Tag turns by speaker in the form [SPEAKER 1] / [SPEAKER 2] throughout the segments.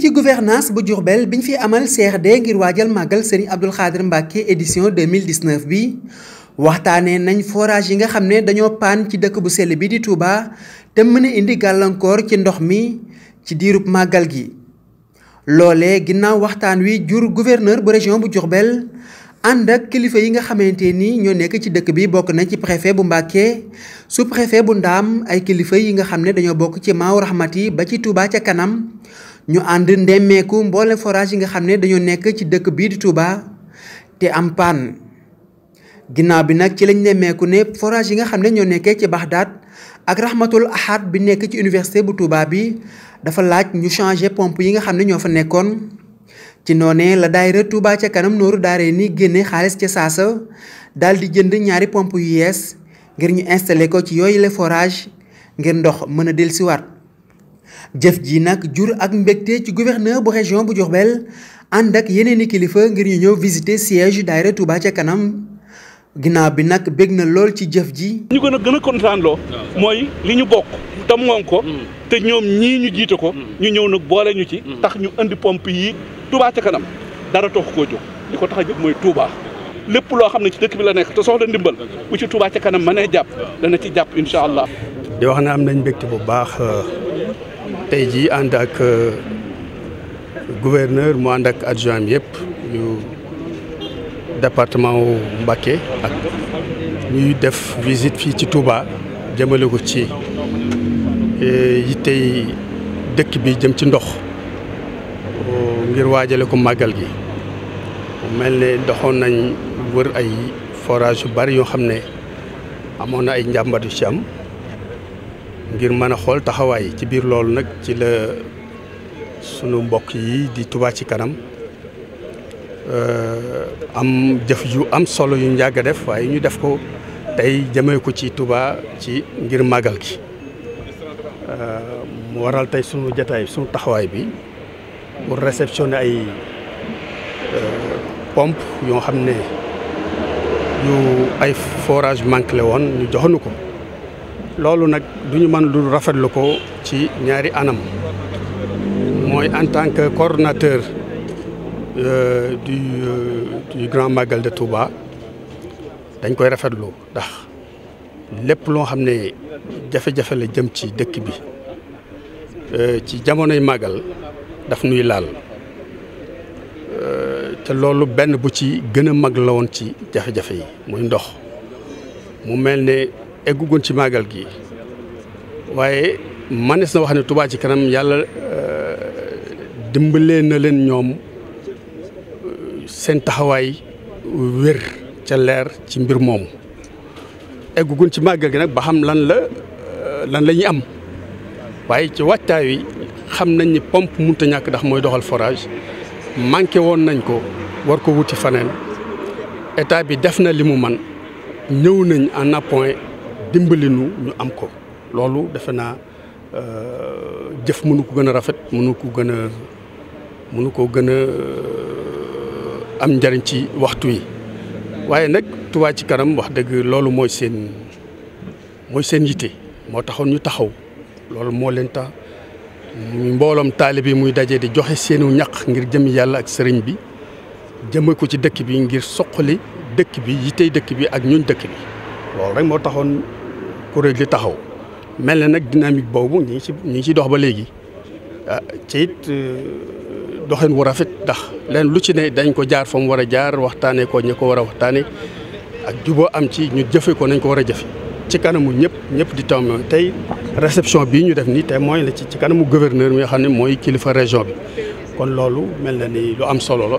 [SPEAKER 1] ci gouvernance bu Diourbel biñ fi amal CRD ngir waajal màggal Serigne Abdoul Khadir Mbacké édition 2019 bi waxtaanee nañ forage yi nga xam ne dañoo paan ci dëkk bu sell bi di Touba te mën a indi gàllankoor ci ndox mi ci diirub màggal gi. loole ginnaaw waxtaan wi jur gouverneur bu région bu Diourbel ànd ak kilifa yi nga xamante ni ñoo nekk ci dëkk bi bokk na ci préfet bu Mbacké su préfet bu Ndaam ay kilifa yi nga xam ne dañoo bokk ci Maaw Rahmati ba ci Touba ca kanam. ñu ànd ndemmeeku mboole forage yi nga xam ne dañoo nekk ci dëkk bii di Touba te am panne ginnaaw bi nag ci lañ nemmeeku ne forage yi nga xam ne ñoo nekkee ci Baxdaat ak Rahmatul Ahad bi nekk ci université bu Touba bi dafa laaj ñu changer pompe yi nga xam ne ñoo fa nekkoon ci noonee la daayira Touba ca kanam nooru daaree ni génne xaalis ca saasa daal di jënd ñaari pompe yu yees ngir ñu installé ko ci yooyu la forage ngir ndox mën a dellusiwaat jëf ji nag jur ak mbégte ci gouverneur bu région bu Diourbel ànd ak yeneen i kilifa ngir ñu ñëw visiter siège daayira Touba ca kanam ginnaaw bi nag bég na lool ci jëf ji. ñu gën a gën a kontaan loo mooy li ñu bokk te moom ko. Hmm. te ñoom ñii ñu jiite ko. Hmm. ñu
[SPEAKER 2] ñëw nag boole ñu ci. Hmm. tax ñu indi pompe yi Touba ca kanam dara tax koo jóg li ko tax a jóg mooy Touba. lépp loo xam ne ci dëkk bi la nekk te soxla ndimbal bu ci Touba ca kanam mënee jàpp dana ci jàpp incha allah.
[SPEAKER 3] di wax ne am bu baax. Euh, tey jii ànd ak euh, gouverneur mu ànd ak adjoint bi yëpp yu département wu Mbacké ak ñuy def visite fii ci Touba jëmale ko ci euh, yi dëkk bi jëm ci ndox euh, ngir waajale ko màggal gi mel ne doxoon nañ wër ay forage yu bari yoo xam ne amoon na ay njàmbat yu ci am ngir mën a xool taxawaay ci biir loolu nag ci la sunu mbokk yi di tubaa ci kanam euh, am jëf yu am solo yu njàgg def waaye ñu def ko tey jëmee ko ci tubaa ci ngir màggal gi euh, mu waral tey sunu jataay sunu taxawaay bi pour réceptionner ay euh, pompe yoo xam ne yu ay forage manqué woon ñu joxanu ko loolu nag duñu man lu rafetlu ko ci ñaari anam mooy en tant que coordonnateur euh, du euh, du grand magal de Touba dañ koy rafetlu ndax lépp loo xam ne jafe-jafe la jëm ci dëkk bi euh, ci jamonoy magal daf nuy laal euh, te loolu benn bu ci gën a mag la woon ci jafe-jafe yi muy ndox mu mel ne eggugoon ci màggal gi waaye manees na wax ne tubaa ci kanam yàlla euh, dimbalee na leen ñoom euh, seen taxawaay wér ca leer ci mbir moomu eggugoon ci màggal gi nag ba xam lan la euh, lan la ñuy am waaye ci waajtaay wi xam nañ ni pompe mënut a ñàkk ndax mooy doxal forage manqué woon nañ ko war ko wuti faneen état bi def na li mu man ñëw nañ en appoint dimbali nu ñu am ko loolu defe naa euh, jëf mënu ko gën a rafet mënu ko gën a mënu ko gën a euh, am njariñ ci waxtu yi waaye nag Touba ci kanam wax dëgg loolu mooy seen mooy seen yitte moo taxoon ñu taxaw loolu moo leen tax mbooloom taalibe bi muy dajee di joxe seenu ñaq ngir jëm yàlla ak sëriñ bi jëme ko ci dëkk bi ngir soqali dëkk bi yittey dëkk bi ak ñuñ dëkk bi loolu rek moo taxoon kuréel gi taxaw mel na nag dynamique boobu ñu ngi ci ñu ngi ci dox ba léegi ah ci it euh, doxin wu rafet ndax leen lu ci ne dañ ko jaar fa mu war a jaar waxtaanee ko ñu ko war a waxtaanee ak juboo am ci ñu jëfe ko nañ ko war a jëfe ci kanamu ñëpp ñëpp di taw tey réception bii ñu def nii te mooy la ci ci kanamu gouverneur mi nga xam ne mooy kilifa région bi kon loolu mel na ni lu am solo la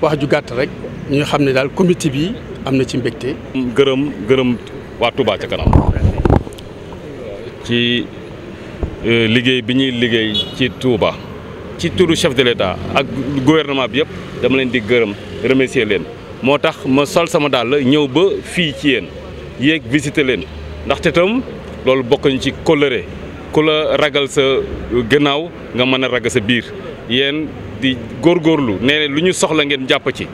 [SPEAKER 3] wax ju gàtt rek ñu xam ne daal comité bi am na ci mbégte. gërëm gërëm waa Touba ca kanam.
[SPEAKER 2] ci euh, liggéey bi ñuy liggéey ci Touba ci turu chef de l'État ak gouvernement bi yëpp dama leen di gërëm remercier leen moo tax ma sol sama dàll ñëw ba fii ci yéen yéeg visiter leen ndaxte tam loolu bokk ci kóllëre ku la ragal sa gannaaw nga mën a ragal sa biir yéen di góor góorlu nee lu ñu soxla ngeen jàpp ci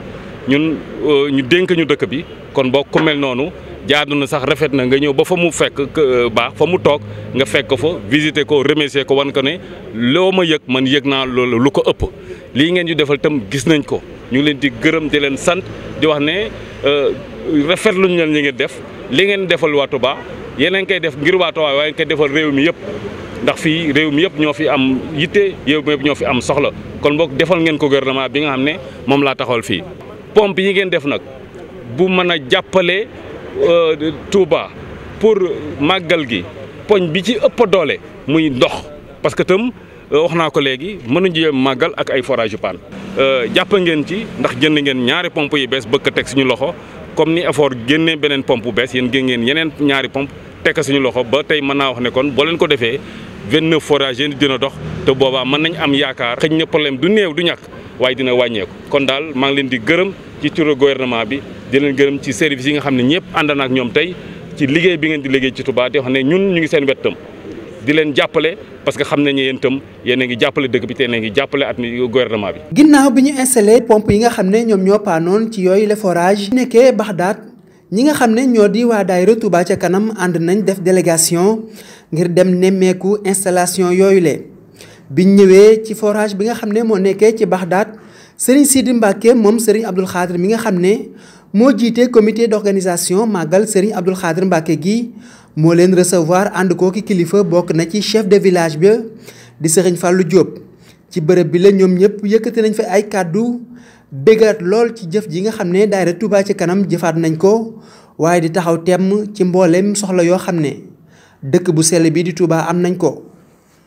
[SPEAKER 2] ñun euh, ñu dénk dëkk bi kon boo ku mel noonu jaadu na sax rafet na nga ñëw ba fa mu fekk euh, baax fa mu toog nga fekk fa visiter ko remercier ko wan ko ne loo ma yëg man yëg naa loolu lu ko ëpp lii ngeen ñu defal tam gis nañ ko ñu ngi leen di gërëm di leen sant di wax ne euh, rafetlu ñu leen ñi ngeen def li ngeen defal waa Touba yeneen koy def ngir waato Touba waaye koy defal réew mi yëpp ndax fii réew mi yëpp ñoo fi am yitte réew mi yëpp ñoo fi am soxla kon boog defal ngeen ko gouvernement bi nga xam ne moom laa taxawal fii pompe yi ngeen def nag bu mën a jàppale Euh, Touba pour màggal gi poñ bi ci ëpp doole muy ndox parce que tam euh, wax naa ko léegi mënuñu jéem màggal ak ay forage yu paan euh, jàpp ngeen ci ndax jënd ngeen ñaari pompe yu bees bëgg a teg suñu loxo comme ni effort génnee beneen pompe bu bees yéen génn ngeen yeneen ñaari pompe tekk suñu loxo ba tey mën naa wax ne kon boo leen ko defee vingt-neuf forages yéen dina dox te boobaa mën nañ am yaakaar xëñ na problème du néew du ñàkk waaye dina wàññeeku kon daal maa ngi leen di gërëm ci turu gouvernement bi di leen gërëm ci service yi nga xam ne ñëpp ànd na ak ñoom tey ci liggéey bi ngeen di liggéey ci Touba di wax parce que xam nañu yéen itam yéen a ngi jàppale dëkk bi te yéen a ngi jàppale at mi gouvernement bi.
[SPEAKER 1] bi ñu installé pompe yi nga xam ne ñoom ñoo paanoon ci yooyu le forage. nekkee Baxdaat ñi nga xam ne ñoo di waa daayira Touba ca kanam ànd nañ def délégation ngir dem nemmeeku installation yooyu le ñëwee ci forage bi nga xam ne moo nekkee ci Baxdaat sëriñ Sidi Mbacke moom sëriñ Abdou Khadr mi nga xam ne moo jiite comité d'organisation màggal sëriñ Abdou Khadr Mbacke gi moo leen recevoir ànd kooki kilifa bokk na ci chef de village ba di sëriñ fàllu Diop. ci bërëb bi la ñoom ñëpp yëkkati nañ fi ay kàddu dëggaat lool ci jëf ji nga xam ne daayira Touba ci kanam jëfaat nañ ko waaye di taxaw temm ci mbooleem soxla yoo xam ne dëkk bu sell bi di Touba am nañ ko.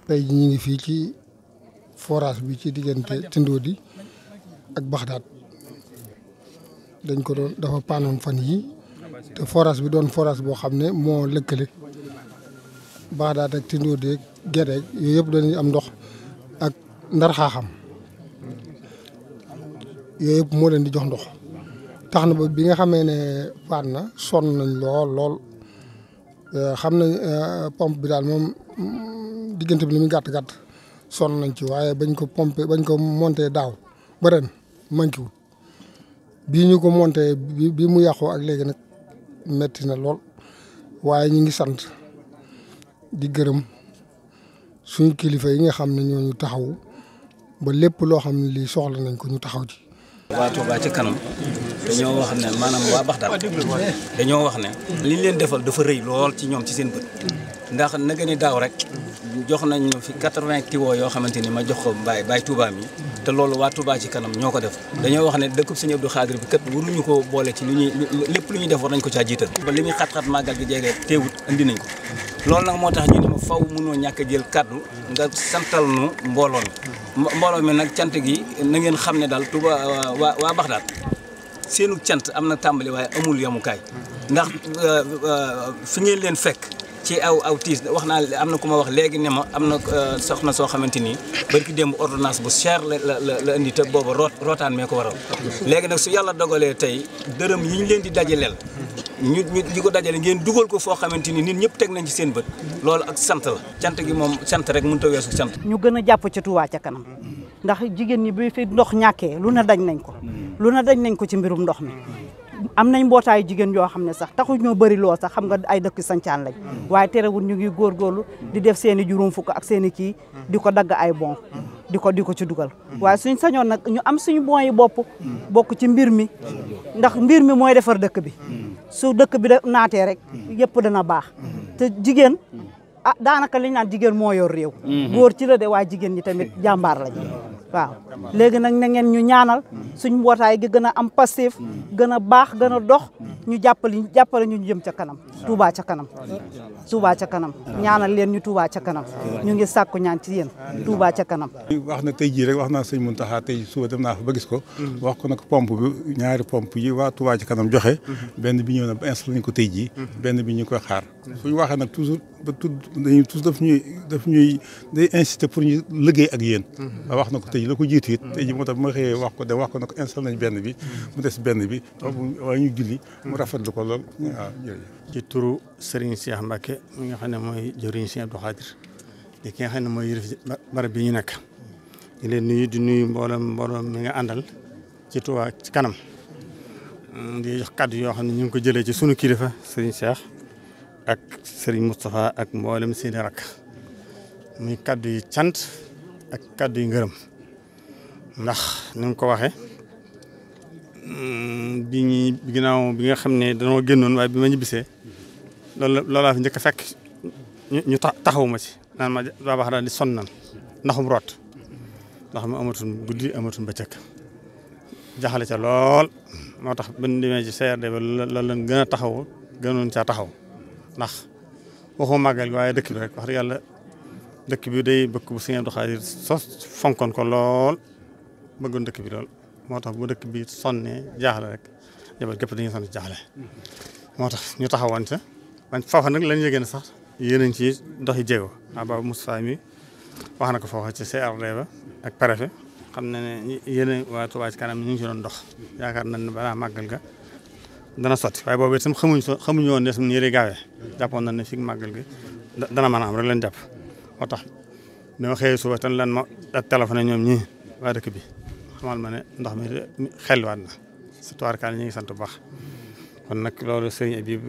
[SPEAKER 3] tey fii ci forage bi ci diggante Tindodi. ak Baxdaad dañ ko doon dafa paanoon fan yii te forage bi doon forage boo xam ne moo lëkkale Baxdaad ak Tindóode Gede yooyu yëpp dañuy am ndox ak Ndar Xaaxam yooyu yëpp moo leen di jox ndox tax na ba bi nga xamee ne paan na sonn nañ lool lool euh, xam nañ euh, pompe bi daal moom diggante bi li muy gàtt gàtt sonn nañ ci waaye bañ ko pompe bañ ko monté daaw ba ren manqué wut bii ñu ko monté bi mu yàqoo ak léegi nag metti na lool waaye ñu ngi sant di gërëm suñ kilifa yi nga xam ne ñoo ñu taxaw ba lépp loo xam ne lii soxla nañ ko ñu taxaw ci.
[SPEAKER 4] waa Touba ci kanam dañoo wax ne maanaam waa Baxdaad dañoo wax ne. li leen defal dafa rëy lool ci ñoom ci seen bët. ndax nag ni daaw rek jox nañu fi 80 tiwo yoo xamante ni ma jox ko Baye baay Touba mi te loolu waa Touba ci kanam ñoo ko def dañoo wax ne dëkku dëkkub Sëñ Abdou Khadir bi kat waruñu ko boole ci lu ñuy lépp lu ñuy def war nañ ko caa jiital ba li muy xat-xat màggal gi jege teewut indi nañ ko loolu nag moo tax ñu ne ma faw mënoo ñàkk a jël kaddu nga santal nu mbooloo mi mi nag cant gi na ngeen xam ne daal Touba waa waa Baxdaad seenu cant am na tàmbali waaye amul yamukaay ndax euh, euh, fi leen fekk ci aw aw tiis wax na am na ku ma wax léegi ne ma am na euh, soxna soo xamante ni barki démb ordonnance bu cher la la la indi te booba rootaan mee ko waral léegi nag su yàlla dogalee tey dërëm yi ñu leen di dajaleel ñu ñu ko dajale ngeen dugal ko foo xamante ni nit ñëpp teg nañ ci seen bët loolu ak sant la sant gi moom sant rek mun a weesu sant
[SPEAKER 1] ñu gën a jàpp ci Touba ca kanam ndax jigéen ñi bi fi ndox ñàkkee lu na nañ ko lu na dañ nañ ko ci mbirum ndox mi am nañ mbootaayu jigéen yoo xam ne sax taxu ñoo bëri loo sax xam nga ay dëkk sancaan lañ waaye terewul ñu ngi góorgóorlu di def seen i fukk ak seeni i kii di ko dagg ay bon di ko di ko ci dugal waaye suñ sañoon nag ñu am suñu bon yi bopp bokk ci mbir mi ndax mbir mi mooy defar dëkk bi su dëkk bi da naatee rek yëpp dana baax te jigéen ah daanaka liñ naan jigéen moo yor réew mm-hmm. góor ci la de waaye jigéen ñi tamit jàmbaar lañ waaw léegi nag na ngeen ñu ñaanal suñ mbootaay gi gën a am passif gën a baax gën a dox ñu jàppale jàppale ñu jëm ca kanam Touba ca kanam Touba ca kanam ñaanal leen ñu Touba ca kanam ñu ngi sàkku ñaan ci yéen Touba ca kanam wax
[SPEAKER 3] na tey jii rek wax naa sëñ Mountakha tey suba dem naa fa ba gis ko wax ko nag pomp bi ñaari pompe yi waa Touba ca kanam joxe benn bi ñëw na ba installé ko tey jii benn bi ñu koy xaar suñu waxee nag toujours ba tudd dañuy toujours daf ñuy daf ñuy day incité pour ñu liggéey ak yéen
[SPEAKER 5] yi la ko jiitu it tey ji moo tax ma xëyee wax ko da wax ko ne ko benn bi mu des benn bi waaye ñu julli mu rafetlu ko lool ci turu Serigne Cheikh Mbacke mi nga xam ne mooy jëriñ Cheikh Abdou Khadir di ki nga xam ne mooy yërëf barab bi ñu nekk di leen nuyu di nuyu mbooloo mbooloo mi nga àndal ci Touba ci kanam mm, di jox yoo xam ne ñu ngi ko jëlee ci sunu kilifa Serigne seex ak Serigne Moustapha ak mboolem seeni rakk muy kàddu yi cant ak kàddu yi ngërëm ndax ni ko waxe mm, bi ñuy ginnaaw bi nga xam ne danoo génnoon waaye bi ma ñibbisee loolu loolaa fi njëkk a fekk ñu taxawu ma ci naan ma baax daal di sonn nan ndaxum root ndax mu amatul amatum ba bëccëg jaxale ca lool moo tax bu ñu demee ci CRD ba loolu lañ gën a taxaw gënoon caa taxaw ndax waxu màggal waaye dëkk bi rek wax dëgg yàlla dëkk bi day bëkk bu Sëñ Abdou Khadir sos fonkoon ko lool bëggoon dëkk bi lool moo tax bu dëkk bi sonnee jaaxle rek jabar gépp dañuy sonn jaaxle moo tax ñu taxawante man foofa nag lañ yëgee ne sax yéenañ ci doxi jéego ah, Abaa Moussa mi wax na ko foofa ci CRD ba ak préfet xam na ne yéen waa Touba ci kanam ñu ngi ci doon yaakaar nañ ne balaa màggal ga dana sotti waaye boobu itam xamuñ so xamuñu woon ne suñu yëre gaawee jàppoon nañ ne fi màggal gi dana man a am rek leen jàpp moo tax dama xëyee suba tan lan ma téléphoné ñoom ñii waa bi xamal ma ne ndox mi xelwaat na surtout arkaan ñu ngi sant bu baax kon nag loolu Serigne Abib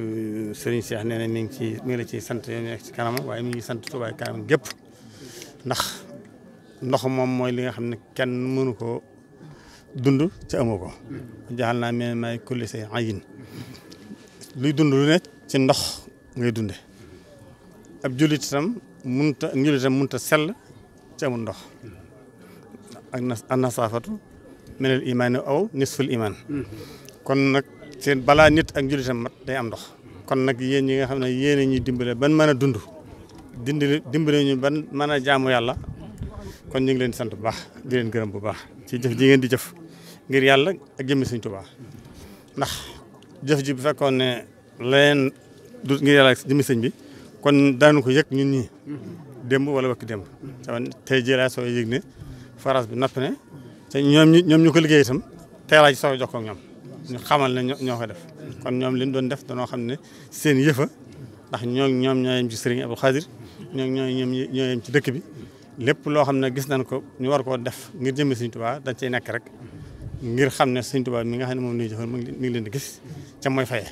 [SPEAKER 5] Serigne Cheikh nee na mi ngi ci mi ngi la ciy sant yow ci kanam waaye mi ngi sant Touba kanam gépp ndax ndox moom mooy li nga xam ne kenn mënu koo dund ci amoo ko jaxal naa mel may kulli say ayin luy dund lu ne ci ndox ngay dunde ab jullit itam munta jullitam munta sell ci amul ndox ak nas annasaafatu minal imaani aw nisful imaan hmm. kon nag seen balaa nit ak njullitam mat day am ndox kon nag yéen ñi nga xam ne yéen a ñuy dimbale ban mën a dund dindi dimbale ñu ban mën a jaamu yàlla kon ñu ngi leen sant bu baax di leen gërëm bu baax ci jëf ji ngeen di jëf ngir yàlla ak jëmmi Sëñ Tuubaa ndax jëf ji bu fekkoon ne leneen du ngir yàlla ak jëmmi bi kon daanu ko yëg ñu ñi hmm. démb wala wakki démb sama hmm. tey soo yëg ne forage bi noppi ne te ñoom ñu ñoom ñu ko liggéey itam teelaa ji soog a jox ko ak ñoom ñu xamal ne ñoo ko def kon ñoom li ñu doon def danoo xam ne seen yëfa ndax ñoo ñoom ñoo yem ci Serigne Abdou Khadir ñoo ñoo ñoom ñoo yem ci dëkk bi lépp loo xam ne gis nañ ko ñu war koo def ngir jëmee Serigne Touba dañ cey nekk rek ngir xam ne Serigne Touba mi nga xam ne moom la ñu jëfoon mi ngi leen di gis ca mooy fayee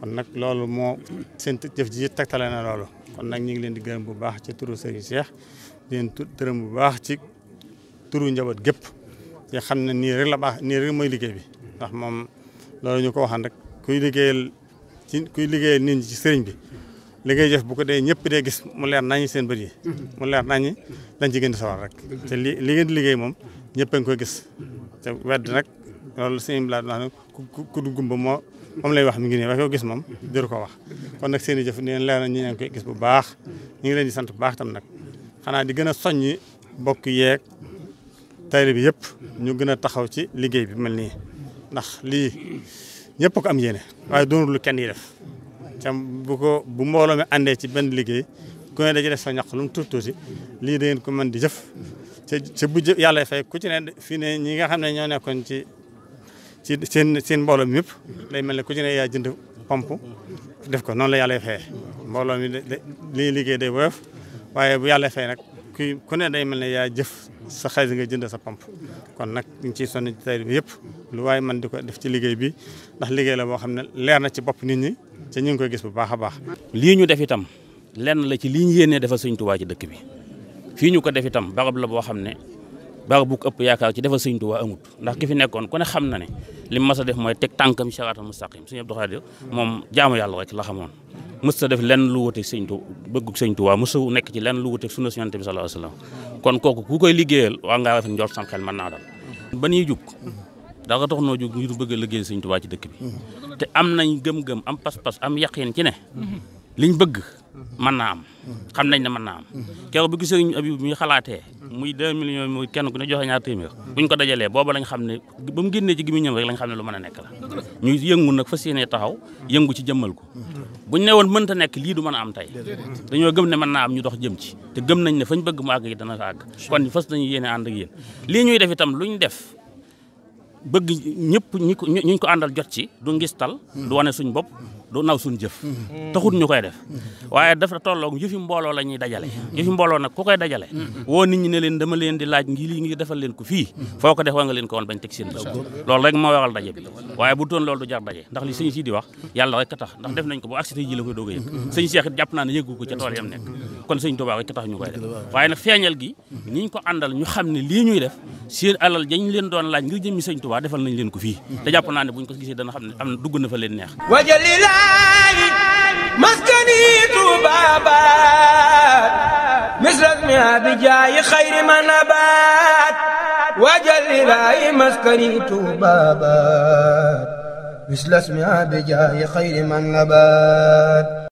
[SPEAKER 5] kon nag loolu moo seen jëf ji tegtale na loolu kon nag ñu ngi leen di gërëm bu baax ci turu Serigne Cheikh di leen tërëm bu baax ci turu njaboot gépp ci xam ne nii rek la baax nii rek mooy liggéey bi ndax moom loolu ñu ko waxaan rek kuy liggéeyal ci kuy liggéeyal nit ñi ci sëriñ bi li ngay jëf bu ko dee ñëpp dee gis mu leer naññi seen bët yi mu leer naññi dañ ci gën di rek te li li liggéey moom ñëpp a ngi koy gis te wedd nag loolu sëriñ bi laa wax ne ku gumba moo moom lay wax mi ngi nii wax yoo gis moom jëru ko wax kon nag seeni i jëf neen leer na ñi ngi koy gis bu baax ñu ngi leen di sant bu baax tam nag xanaa di gën a soññi bokk yeeg taalibe bi yëpp ñu gën a taxaw ci liggéey bi mel nii ndax lii ñëpp ko am yéene waaye doonul lu kenn yi def cam bu ko bu mbooloo mi àndee ci benn liggéey ku ne dañuy def sa ñaq lu mu tuuti lii da ngeen ko mën di jëf te bu jë yàlla fay ku ci ne fii ne ñi nga xam ne ñoo nekkoon ci ci seen seen mbooloo mi yëpp day mel ne ku ci ne yaa jënd pompe def ko noonu la yàlla fayee mbooloo mi lii liggéey day woyof waaye bu yàlla fay nag. kuy ku ne day mel ne yaa jëf sa xaalis nga jënd sa pomp kon nag ñu ngi ciy bi yëpp lu waaye man di ko def ci liggéey bi ndax liggéey la boo xam ne leer na ci bopp nit ñi te ñu ngi koy gis bu baax a baax. lii ñu def itam
[SPEAKER 6] lenn la ci lii ñu yéenee defal Sëñ Tuubaa ci dëkk bi fii ñu ko def itam barab la boo xam ne baax bu ko ëpp yaakaar ci defal sëñ Tuubaa amut ndax ki fi nekkoon ku ne xam na ne li mu a def mooy teg tànkam siraatal mustaqim sëñ Abdou Khadir moom jaamu yàlla rek la xamoon mës def lenn lu wuteeg sëñ Tuubaa bëggug sëñ Tuubaa mës nekk ci lenn lu wuteeg sunna Yonent bi sallallahu wasallam kon kooku ku koy liggéeyal waa ngaa rafet njort sam xel mën naa ba ñuy jug dara tax noo jug ñu bëgg a liggéeyal sëñ Tuubaa ci dëkk bi te am nañ gëm-gëm am pas-pas am yaqin liñ bëgg man naa am xam nañ ne man naa am keroog bi ko sëriñ Abib muy xalaatee muy deux millions muy kenn ku ne joxe ñaar téeméer buñ ko dajalee boobu lañ xam ne ba mu génnee ci gémmiñam rek lañ xam ne lu mën a nekk la ñu yëngu nag fas yéene taxaw yëngu ci jëmmal ko buñ ne woon mënta nekk lii du mën a am tey dañoo gëm ne mën naa am ñu dox jëm ci te gëm nañ ne fañ bëgg mu àgg yi dana àgg kon fas nañu yéene ànd ak yéen lii ñuy def itam luñ def bëgg ñëpp ñi ko àndal jot ci du ngistal du wane suñ bopp du naw suñ jëf taxut ñu koy def waaye dafa tolloog yëfi mbooloo la ñuy dajale yëfi mbooloo nag ku koy dajale woo nit ñi ne leen dama leen di laaj ngi lii ngi defal leen ko fii foo ko def wa nga leen ko woon bañ teg seen lool rek moo waral daje bi waaye bu doon loolu du jar daje ndax li sëñ si di wax yàlla rek tax ndax def nañ ko bu accident ji la koy doog a yëg sëñ Cheikh it jàpp naa ne yëggu ko ca tool yam nekk kon sëñ Tuubaa rek tax ñu koy def waaye nag feeñal gi niñ ko àndal ñu xam ne lii ñuy def seen alal dañ leen doon laaj ngir jëmmi sëñ Tuubaa defal nañ leen ko fii te jàpp naa ne buñ ko gisee dana xam ne am dugg na fa leen neex
[SPEAKER 1] wajalilaahi
[SPEAKER 4] maskani maskani
[SPEAKER 1] Tuubaa